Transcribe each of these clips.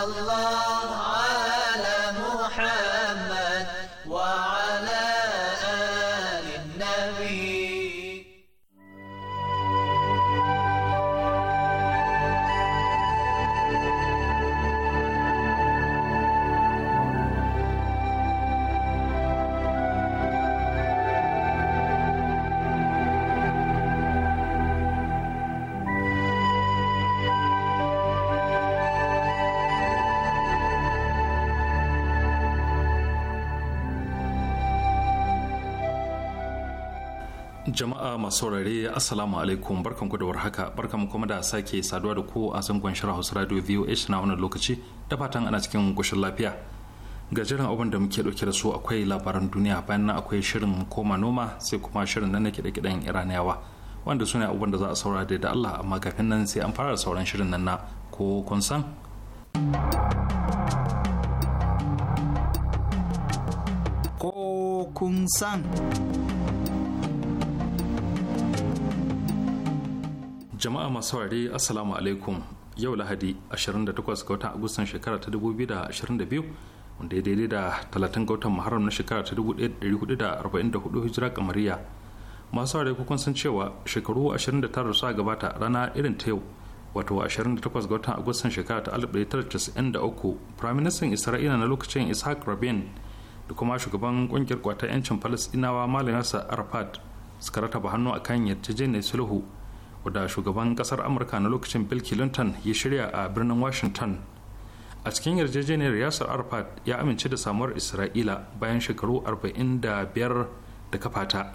Allah. Jama'a masu saurare Assalamu alaikum barkan ku da warhaka barkan kuma da sake saduwa da ku a zangon shirin Hausa Radio VOH na wannan lokaci da fatan ana cikin koshin lafiya. Ga jiran abin da muke dauke da su akwai labaran duniya bayan nan akwai shirin koma noma sai kuma shirin nan na kiɗe-kiɗen Iraniyawa wanda su ne abubuwan da za a saura da Allah amma kafin nan sai an fara sauran shirin nan na ko kun san. Ko kun san. jama'a masu saurare assalamu alaikum yau lahadi 28 ga watan agustan shekara ta 2022 wanda ya daidai da 30 ga watan muharram na shekara ta 1444 hijira kamariya masu saurare kukun sun cewa shekaru 29 su gabata rana irin ta yau wato 28 ga watan agustan shekara ta 1993 prime minister isra'ila na lokacin ishaq rabin da kuma shugaban kungiyar kwata 'yancin falasdinawa malam arafat suka rataba hannu akan yarjejeniyar sulhu wadda shugaban kasar amurka na lokacin bill clinton ya shirya a birnin washington a cikin yarjejeniyar yasir arfat ya amince da samuwar isra'ila bayan shekaru 45 da kafata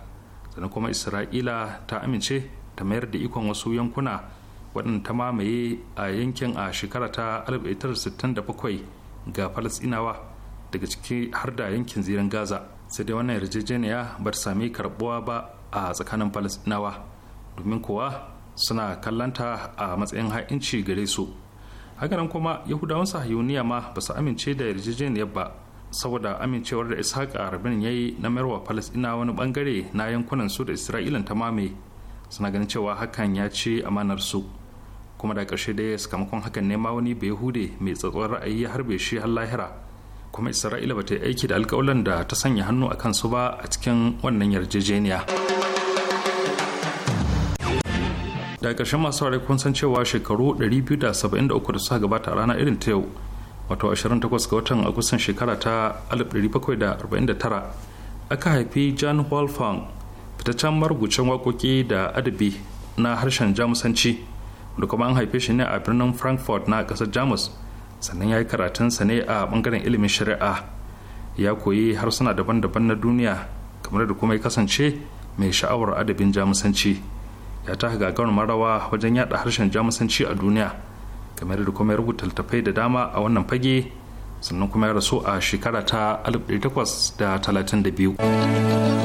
sannan kuma isra'ila ta amince ta mayar da ikon wasu yankuna waɗanda ta mamaye a yankin a shekara ta 1967 ga falasinawa daga ciki har da yankin ziren gaza sai dai wannan yarjejeniya ba ta sami karbuwa ba a tsakanin falasinawa domin kuwa suna kallanta a matsayin ha'inci gare su hakanan kuma yahudawan sahiyuniya ma ba su amince da yarjejeniyar ba saboda amincewar da ishaq rabin ya yi na mayarwa palestina wani bangare na yankunan su da isra'ilan ta mame suna ganin cewa hakan ya ce amanar su kuma da ƙarshe dai sakamakon hakan nema wani bayahude mai tsatsuwar ra'ayi ya harbe shi har lahira kuma isra'ila ba ta yi aiki da alƙawalan da ta sanya hannu a kansu ba a cikin wannan yarjejeniya. da ƙarshen masu saurari kun san cewa shekaru 273 da suka gabata a rana irin ta yau wato 28 ga watan agustan shekara ta 1749 aka haifi jan wolfgang fitaccen marubucin waƙoƙi da adabi na harshen jamusanci da kuma an haife shi ne a birnin frankfurt na ƙasar jamus sannan ya yi karatunsa ne a ɓangaren ilimin shari'a ya koyi harsuna daban-daban na duniya kamar da kuma ya kasance mai sha'awar adabin jamusanci ya ta gagarumar marawa wajen yada harshen jamusanci a duniya kamar da kuma ya rubuta littattafai da dama a wannan fage sannan kuma ya rasu a shekara ta 1832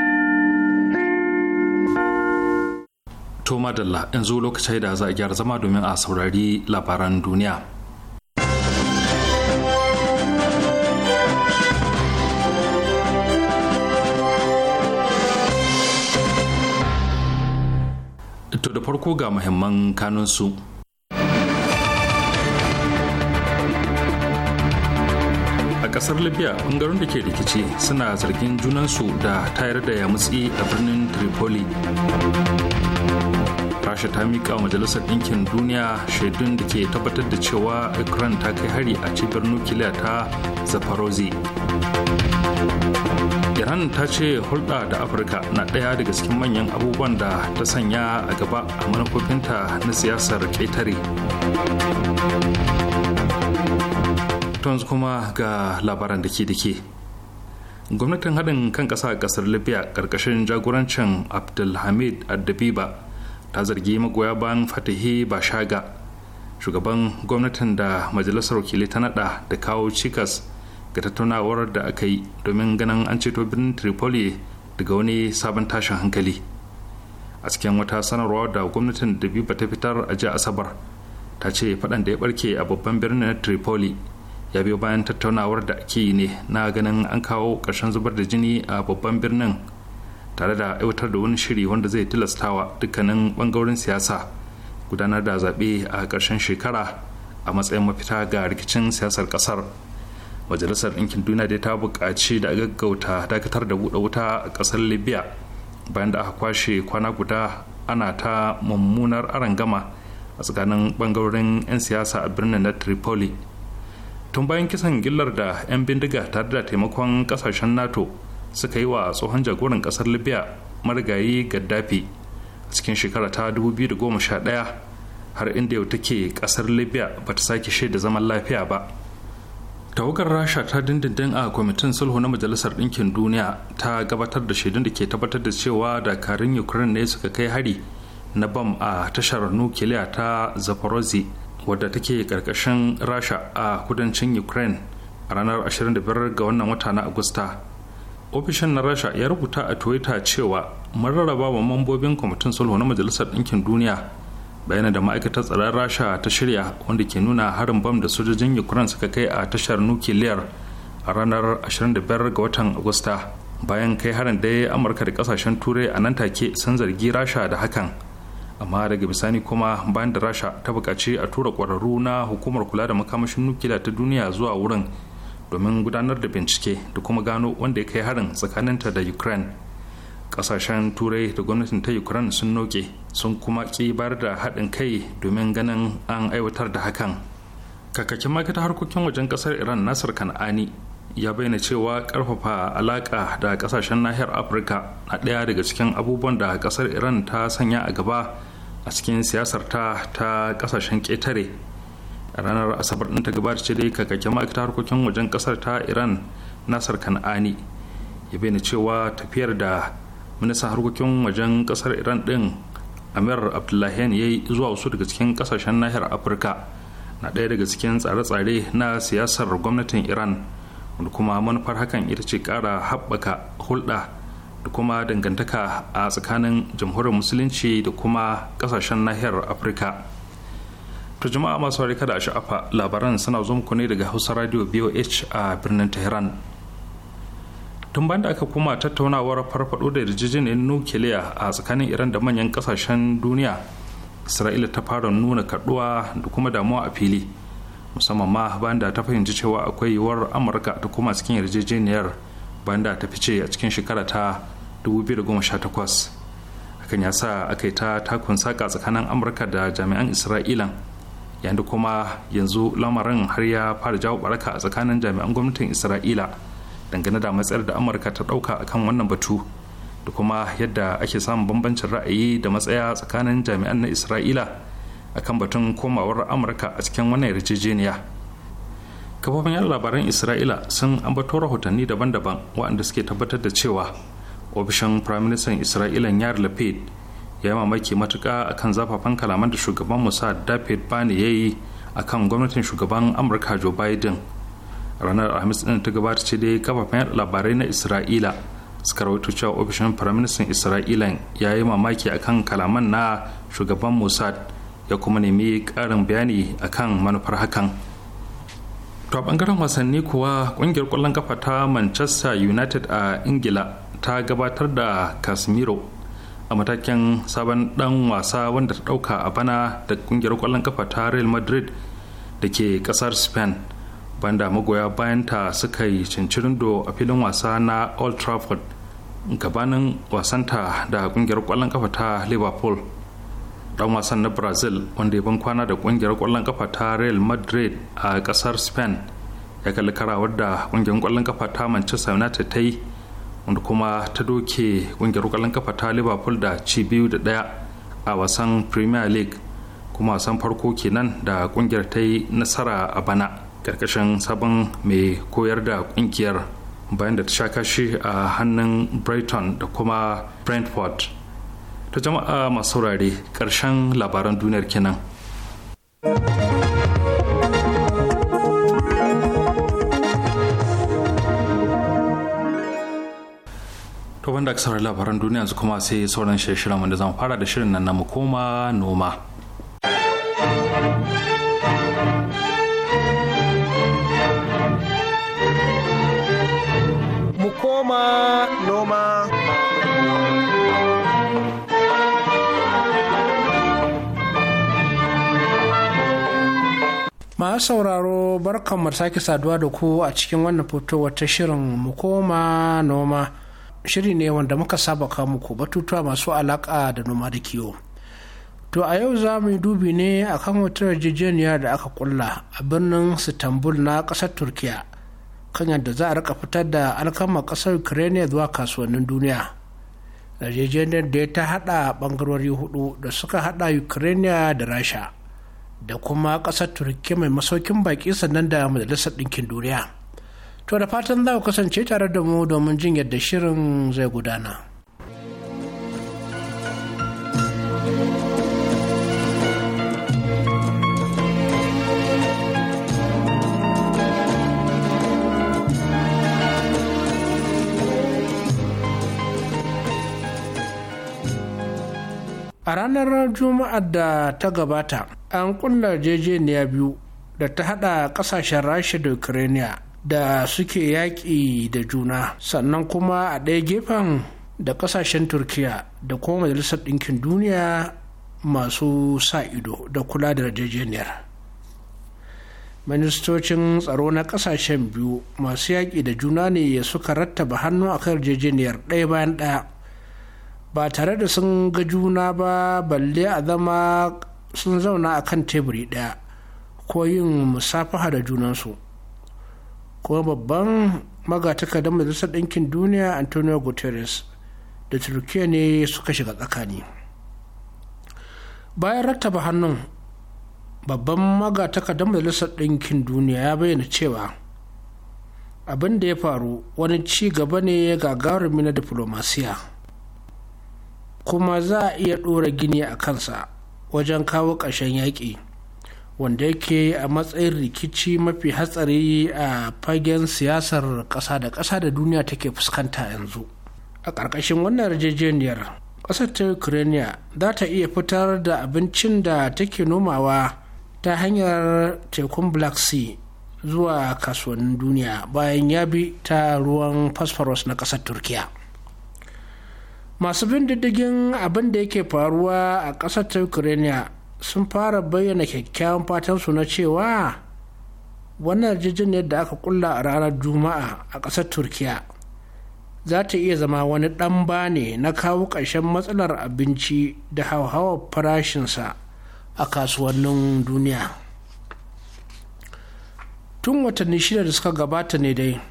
To madalla yanzu lokacin da za a gyara zama domin a saurari labaran duniya. To da farko ga muhimman kanunsu. A kasar Libya bangaren da ke rikici suna zargin junansu da tayar da yamutsi a birnin Tripoli. rasha ta mika majalisar ɗinkin duniya shaidun da ke tabbatar da cewa ukraine ta kai hari a cibiyar nukiliya ta zafarozi iran ta ce hulɗa da afirka na ɗaya daga cikin manyan abubuwan da ta sanya a gaba a manufofinta na siyasar ƙetare tons kuma ga labaran da ke da ke gwamnatin haɗin kan ƙasa ƙasar libya ƙarƙashin jagorancin abdulhamid addabiba ta zargi magoya bayan fatahi shaga shugaban gwamnatin da majalisar wakilai ta nada da kawo cikas ga tattaunawar da aka yi domin ganin an ceto birnin tripoli daga wani sabon tashin hankali a cikin wata sanarwa da gwamnatin da biyu ta fitar a jiya asabar ta ce faɗan da ya barke a babban birnin tripoli ya biyo bayan tattaunawar da ake yi ne na ganin an kawo ƙarshen zubar da jini a babban birnin tare da aiwatar da wani shiri wanda zai tilastawa dukkanin bangarorin siyasa gudanar da zaɓe a ƙarshen shekara a matsayin mafita ga rikicin siyasar ƙasar majalisar ɗinkin duniya dai ta buƙaci da gaggauta dakatar da buɗe wuta a ƙasar libya bayan da aka kwashe kwana guda ana ta mummunar arangama a tsakanin bangarorin 'yan siyasa a birnin na tripoli tun bayan kisan gillar da 'yan bindiga tare da taimakon ƙasashen nato suka yi wa tsohon jagoran kasar libya marigayi gaddafi a cikin shekara ta 2011 har inda yau take kasar libya ba ta sake shaida zaman lafiya ba tawagar rasha ta dindindin a kwamitin sulhu na majalisar ɗinkin duniya ta gabatar da shaidun da ke tabbatar da cewa dakarun ukraine ne suka kai hari na bam a tashar nukiliya ta zaporozhye wadda take karkashin rasha a kudancin ukraine a ranar 25 ga wannan wata na agusta ofishin na rasha ya rubuta a twitter cewa mun rarraba wa mambobin kwamitin sulhu na majalisar ɗinkin duniya bayan da ma'aikatar tsaron rasha ta shirya wanda ke nuna harin bam da sojojin ukraine suka kai a tashar nukiliyar a ranar 25 ga watan agusta bayan kai harin da amurka da kasashen turai a nan take sun zargi rasha da hakan amma daga bisani kuma bayan da rasha ta buƙaci a tura ƙwararru na hukumar kula da makamashin nukiliya ta duniya zuwa wurin domin gudanar da bincike da kuma gano wanda ya kai harin tsakaninta da ukraine kasashen turai da gwamnatin ta ukraine sun noke sun kuma ki bayar da haɗin kai domin ganin an aiwatar da hakan kakakin makita harkokin wajen kasar iran nasir kan'ani ya bayyana cewa karfafa alaƙa da kasashen nahiyar afirka na ɗaya daga cikin abubuwan da kasar iran ta sanya a gaba a cikin siyasar ta ta kasashen ƙetare a ranar asabar ɗin ta gabata ce dai kakake ma'aikatar harkokin wajen kasar ta iran nasar kan'ani ya bayyana cewa tafiyar da ministan harkokin wajen ƙasar iran din amir abdullahian ya yi zuwa wasu daga cikin kasashen nahiyar afirka na ɗaya daga cikin tsare-tsare na siyasar gwamnatin iran wanda kuma manufar hakan ita ce kara haɓaka hulɗa da kuma dangantaka a tsakanin jamhuriyar musulunci da kuma ƙasashen nahiyar afirka To jama'a masu kada da sha'afa labaran suna zo muku ne daga Hausa Radio BOH a birnin Tehran. Tun banda aka kuma tattaunawar farfado da yarjejeniyar nukiliya a tsakanin Iran da manyan kasashen duniya, Isra'ila ta fara nuna kaduwa da kuma damuwa a fili. Musamman ma banda ta fahimci cewa akwai yiwuwar Amurka ta kuma cikin yarjejeniyar banda ta fice a cikin shekara ta 2018. hakan ya sa aka yi ta takun saka tsakanin amurka da jami'an isra'ilan yayin kuma yanzu lamarin har ya fara jawo baraka a tsakanin jami'an gwamnatin isra'ila dangane da matsayar da amurka ta ɗauka akan wannan batu da kuma yadda ake samun bambancin ra'ayi da matsaya tsakanin jami'an na isra'ila akan batun komawar amurka a cikin wannan yarjejeniya kafofin yan labaran isra'ila sun ambato rahotanni daban-daban waɗanda suke tabbatar da cewa ofishin firaministan isra'ila yar lapid ya yi mamaki matuka akan zafafan kalaman da shugaban musa david bani ya yi akan gwamnatin shugaban amurka joe biden ranar alhamis din ta gabata ce dai kafafen labarai na isra'ila suka rawaito cewa ofishin firaministan isra'ila ya yi mamaki akan kalaman na shugaban mossad ya kuma nemi karin bayani akan manufar hakan to a bangaren wasanni kuwa kungiyar kwallon kafa ta manchester united a ingila ta gabatar da casemiro a matakin sabon dan wasa wanda ta dauka a bana da kungiyar kwallon kafa ta real madrid da ke kasar spain banda magoya bayanta suka yi cincirindo a filin wasa na old trafford gabanin wasanta da kungiyar kwallon kafa ta liverpool dan wasan na brazil wanda ya ban kwana da kungiyar kwallon kafa ta real madrid a kasar spain ya kalli karawar da kungiyar kwallon kafa ta manchester united ta yi wanda kuma ta doke kungiyar kwallon kafa ta liverpool da ci biyu da daya a wasan premier league kuma wasan farko kenan da kungiyar ta yi nasara a bana karkashin sabon mai koyar da kungiyar bayan da ta sha kashi a hannun brighton da kuma brentford ta jama'a masu saurare karshen labaran duniyar kenan. to ban aka saurari labaran duniya su kuma sai sauran shirin wanda zan fara da shirin nan na mu koma noma mu noma masu sauraro barkan mu sake saduwa da ku a cikin wannan fito wata shirin mukoma noma shiri ne wanda muka saba muku batutuwa masu alaka da noma da kiwo to a yau za mu yi dubi ne a kan wata yarjejeniya da aka kulla a birnin istanbul na kasar turkiya kan yadda za a rika fitar da alkama kasar ukraine zuwa kasuwannin duniya yarjejeniyar da ya ta hada bangarori hudu da suka hada ukraine da rasha da kuma kasar turkiya mai masaukin baki sannan da majalisar ɗinkin duniya To da fatan za ku kasance tare da mu domin jin yadda shirin zai gudana. A ranar Juma'ar da ta gabata, an kulla jejeniya biyu da ta haɗa ƙasashen Rasha da Ukraine da suke yaƙi da juna sannan kuma a ɗaya gefen da ƙasashen turkiya da kuma majalisar ɗinkin duniya masu sa ido da kula da yarjejeniyar ministocin tsaro na ƙasashen biyu masu yaƙi da juna ne ya suka rattaba hannu a kan yarjejeniyar ɗaya bayan ɗaya ba tare da sun ga juna ba balle a zama sun zauna a kan teburi ɗaya ko yin musafaha da junansu kuma babban da majalisar ɗinkin duniya antonio guterres da turkiya ne suka shiga tsakani bayan rattaba hannun babban magatakardan majalisar ɗinkin duniya ya bayyana cewa abin da ya faru wani ci gaba ne ya gagarumi na diflomasiya kuma za a iya ɗora gini a kansa wajen kawo ƙarshen yaƙi. wanda yake a matsayin rikici mafi hatsari a fagen siyasar ƙasa da ƙasa da duniya take fuskanta yanzu a ƙarƙashin wannan yarjejeniyar ƙasar ta ukraine za ta iya fitar da abincin da take nomawa ta hanyar tekun black sea zuwa kasuwannin duniya bayan ya bi ta ruwan phosphorus na ƙasar turkiya masu bin diddigin abin da yake faruwa a ƙasar ta ukraine sun fara bayyana kyakkyawan fatansu na cewa wannan yarjejeniyar da aka kulla a ranar juma'a a ƙasar turkiya za ta iya zama wani ɗan bane na kawo ƙarshen matsalar abinci da hauhawar farashinsa a kasuwannin duniya tun watanni shida da suka gabata ne dai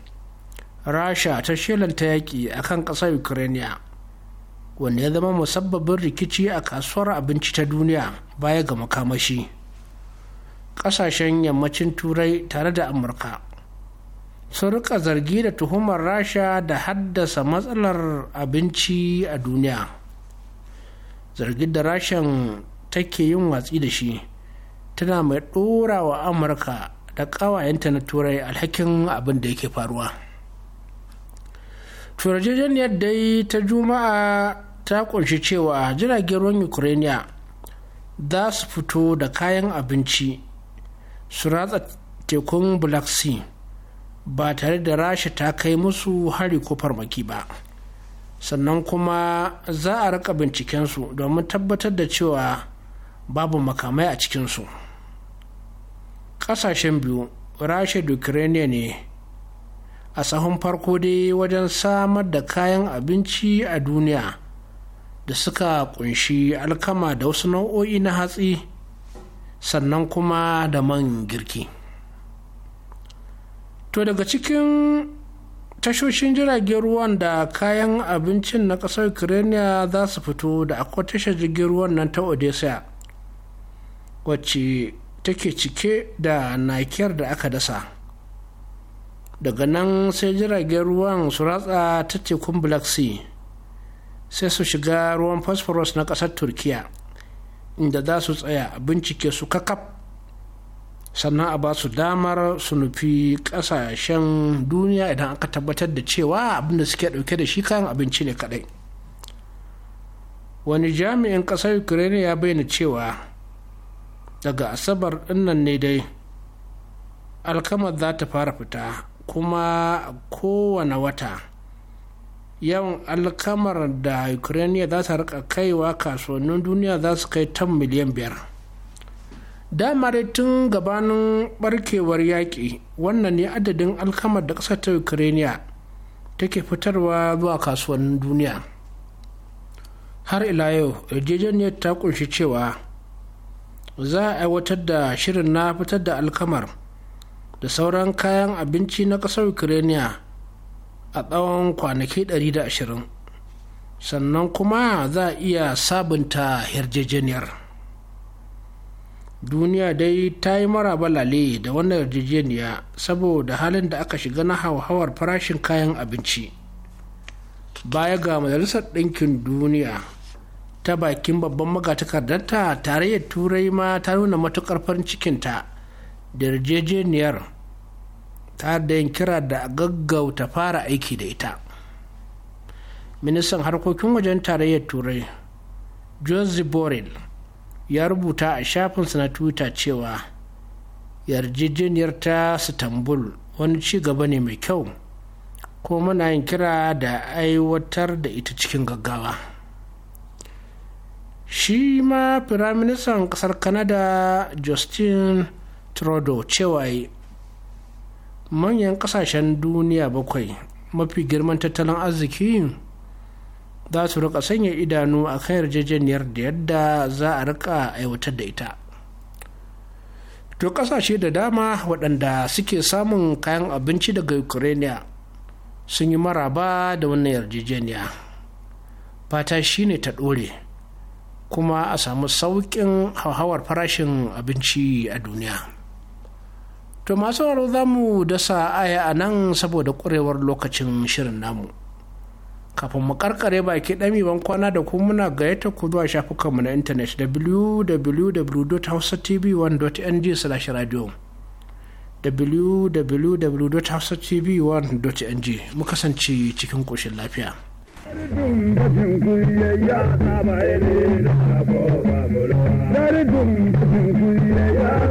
rasha ta shelanta yaƙi a kan ƙasar ukraine wanda ya zama musabbabin rikici a kasuwar abinci ta duniya baya ga makamashi ƙasashen yammacin turai tare da amurka sun rika zargi da tuhumar rasha da haddasa matsalar abinci a duniya zargin da rashin take yin watsi da shi tana mai ɗora wa amurka da ƙawayenta na turai alhakin abin da yake faruwa turajeniyar dai ta juma'a ta kunshi cewa jiragen ruwan ukraine za su fito da kayan abinci su ratsa tekun black sea ba tare da rasha ta kai musu hari ko farmaki ba sannan kuma za a rika bincikensu domin tabbatar da cewa babu makamai a cikinsu ƙasashen biyu rasha da ukraine ne a sahun farko dai wajen samar da kayan abinci a duniya da suka kunshi alkama da wasu nau'o'i na hatsi sannan kuma da man girki to daga cikin tashoshin jiragen ruwan da kayan abincin na ƙasar ukraine za su fito da akwai tashar jirgin ruwan nan ta odessa wacce take cike da nakiyar da aka dasa daga nan sai jiragen ruwan su ratsa ta tekun black sea sai su shiga ruwan phosphorus na ƙasar turkiya inda za su tsaya a bincike su kakaf sannan a ba su damar su nufi ƙasashen duniya idan aka tabbatar da cewa abinda suke ɗauke da shi kayan abinci ne kaɗai wani jami'in ƙasar ukraine ya bayyana cewa daga asabar ɗinnan ne dai alkamar za ta fara fita kuma kowane wata yawan alkamar da ukraine za ta rika kaiwa kasuwannin duniya za su kai tan miliyan biyar dama dai tun gabanin barkewar yaƙi wannan ne adadin alkamar da ƙasar ta ukraine take fitarwa zuwa kasuwannin duniya har ila yau yarjejeniyar ta kunshi cewa za a aiwatar da shirin na fitar da alkamar da sauran kayan abinci na ƙasar ukraine a tsawon kwanaki 120 sannan kuma za a iya sabunta yarjejeniyar duniya dai ta yi mara balale da wannan yarjejeniya saboda halin da aka shiga na hauhawar farashin kayan abinci baya ga majalisar ɗinkin duniya ta bakin babban magatakardarta tarayyar turai ma ta nuna matukar farin cikinta da yarjejeniyar ta da yin kira da gaggauta fara aiki da ita ministan harkokin wajen tarayyar turai joseph borrell ya rubuta a shafinsa na twitter cewa yarjejeniyar ta istanbul wani ci gaba ne mai kyau ko muna yin kira da aiwatar da ita cikin gaggawa shi ma firaministan kasar Kanada justin trudeau cewa manyan kasashen duniya bakwai mafi girman tattalin arziki za su rika sanya idanu a kan yarjejeniyar da yadda za a rika aiwatar da ita to kasashe da dama waɗanda suke samun kayan abinci daga ukraine sun yi maraba da wannan yarjejeniya fata shi ne ta ɗore kuma a samu sauƙin hauhawar farashin abinci a duniya. to masu waro za mu dasa aya a nan saboda ƙwarewar lokacin shirin namu kafin mu karkare baki ɗami ban kwana da ku muna gayyata ku zuwa shafukanmu na intanet www.hausatv1.ng/radio www.hausatv1.ng mu kasance cikin ƙoshin lafiya. Dari dum dum kuyi ya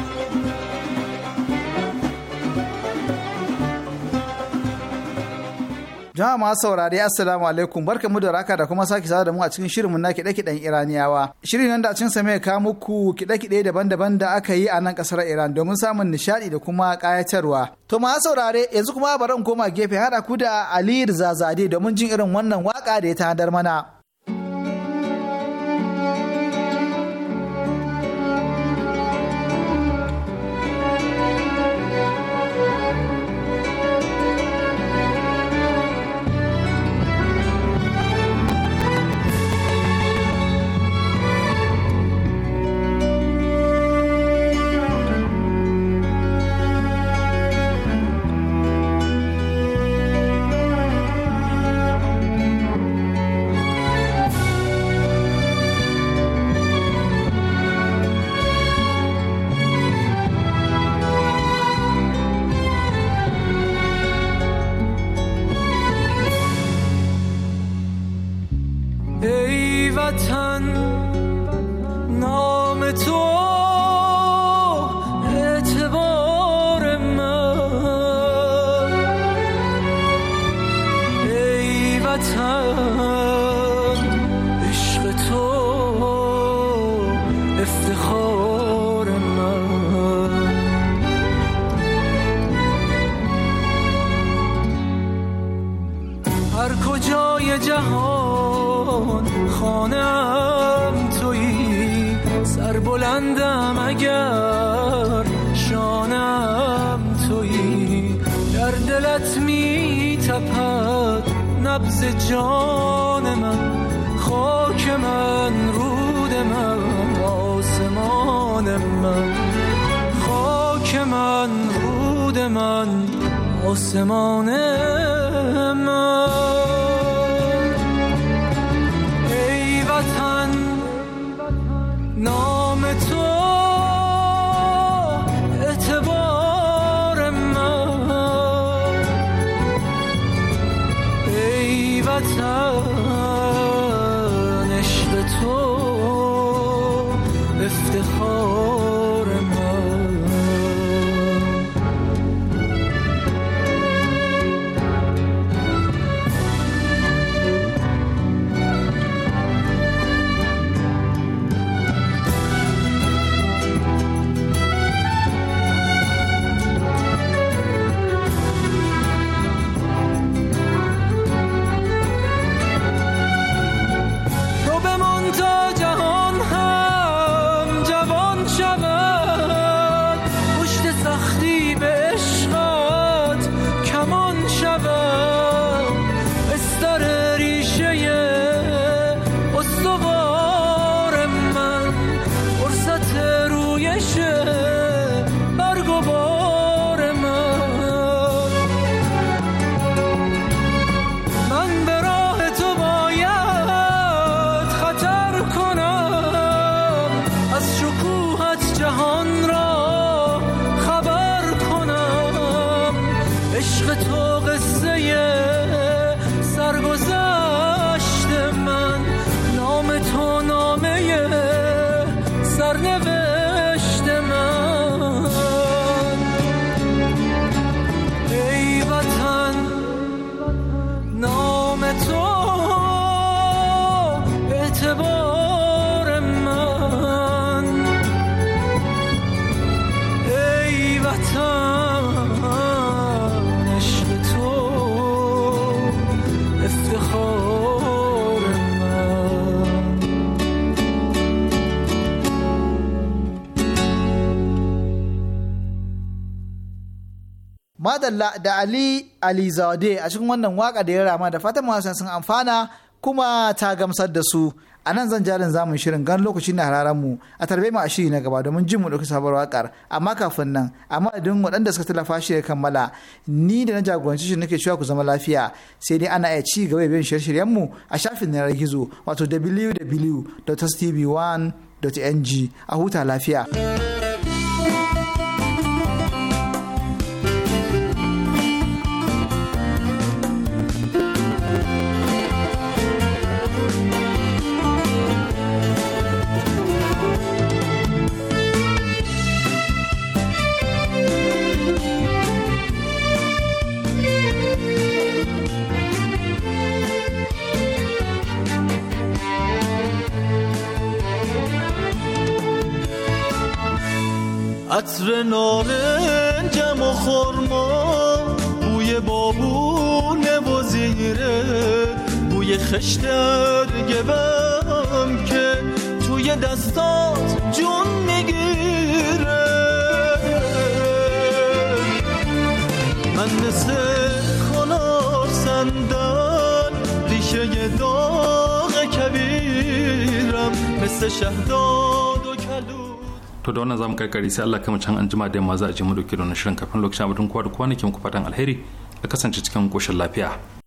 Jama'a masu saurari assalamu alaikum barka mu da raka da kuma sake sada da mu a cikin shirinmu na kiɗe-kiɗen Iraniyawa. Shirin nan da cin sa mai ka muku kiɗe-kiɗe daban-daban da aka yi a nan ƙasar Iran domin samun nishaɗi da kuma kayatarwa. To masu saurare yanzu kuma bari in koma gefe haɗa ku da Ali zazade domin jin irin wannan waka da ya tanadar mana. سبز جان من خاک من رود من آسمان من خاک من رود من آسمان da Ali Alizade a cikin wannan waka da ya rama da fatan masu sun amfana kuma ta gamsar da su. A nan zan jarin zamun shirin gan lokaci na hararen mu a tarbe mu a shiri na gaba domin jin mu ɗauki sabuwar wakar amma kafin nan amma idan waɗanda suka tallafa shi ya kammala ni da na jagoranci shi nake cewa ku zama lafiya sai dai ana iya ci gaba bin shirye-shiryen mu a shafin na gizo wato www.tv1.ng a huta lafiya. عطر نارنجم و خورما بوی بابو و زیره بوی خشت که که توی دستات جون میگیره من مثل کنار سندن ریشه داغ کبیرم مثل شهدان to da wannan zamu karkare sai Allah kama can anjima da yamma za a je mu dauke da wannan shirin kafin lokacin abin kowa da kwanakin ku fatan alheri a kasance cikin koshin lafiya